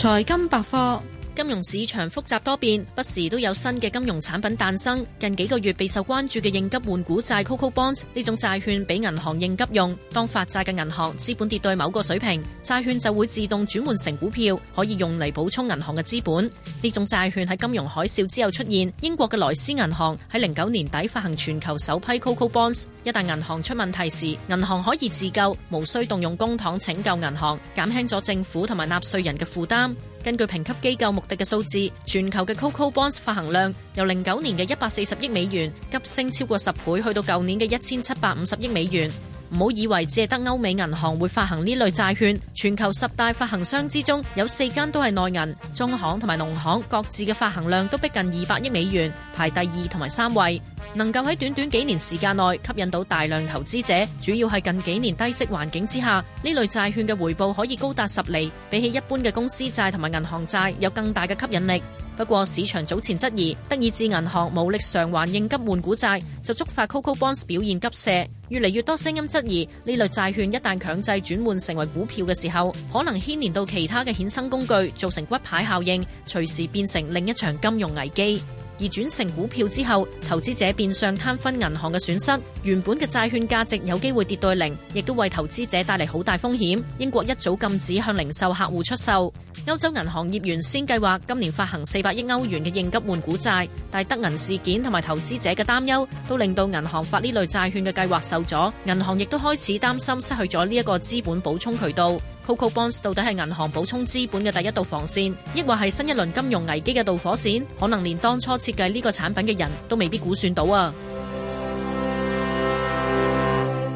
財金百科。金融市場複雜多變，不時都有新嘅金融產品誕生。近幾個月備受關注嘅應急換股債 （Coco Bonds） 呢種債券俾銀行應急用，當發債嘅銀行資本跌到某個水平，債券就會自動轉換成股票，可以用嚟補充銀行嘅資本。呢種債券喺金融海嘯之後出現。英國嘅萊斯銀行喺零九年底發行全球首批 Coco Bonds。一旦銀行出問題時，銀行可以自救，無需動用公帑拯救銀行，減輕咗政府同埋納稅人嘅負擔。根據評級機構穆迪嘅數字，全球嘅 Coco Bonds 發行量由零九年嘅一百四十億美元急升超過十倍，去到舊年嘅一千七百五十億美元。唔好以為只係得歐美銀行會發行呢類債券，全球十大發行商之中有四間都係內銀，中行同埋農行各自嘅發行量都逼近二百億美元，排第二同埋三位，能夠喺短短幾年時間內吸引到大量投資者，主要係近幾年低息環境之下，呢類債券嘅回報可以高達十厘，比起一般嘅公司債同埋銀行債有更大嘅吸引力。不過市場早前質疑，德意志銀行無力償還應急換股債，就觸發 Coco Bonds 表現急瀉。越嚟越多聲音質疑，呢類債券一旦強制轉換成為股票嘅時候，可能牽連到其他嘅衍生工具，造成骨牌效應，隨時變成另一場金融危機。而轉成股票之後，投資者變相攤分銀行嘅損失，原本嘅債券價值有機會跌到零，亦都為投資者帶嚟好大風險。英國一早禁止向零售客戶出售。歐洲銀行業原先計劃今年發行四百億歐元嘅應急換股債，但係德銀事件同埋投資者嘅擔憂都令到銀行發呢類債券嘅計劃受阻。銀行亦都開始擔心失去咗呢一個資本補充渠道。Coco Bonds 到底係銀行補充資本嘅第一道防線，抑或係新一輪金融危機嘅導火線？可能連當初設計呢個產品嘅人都未必估算到啊！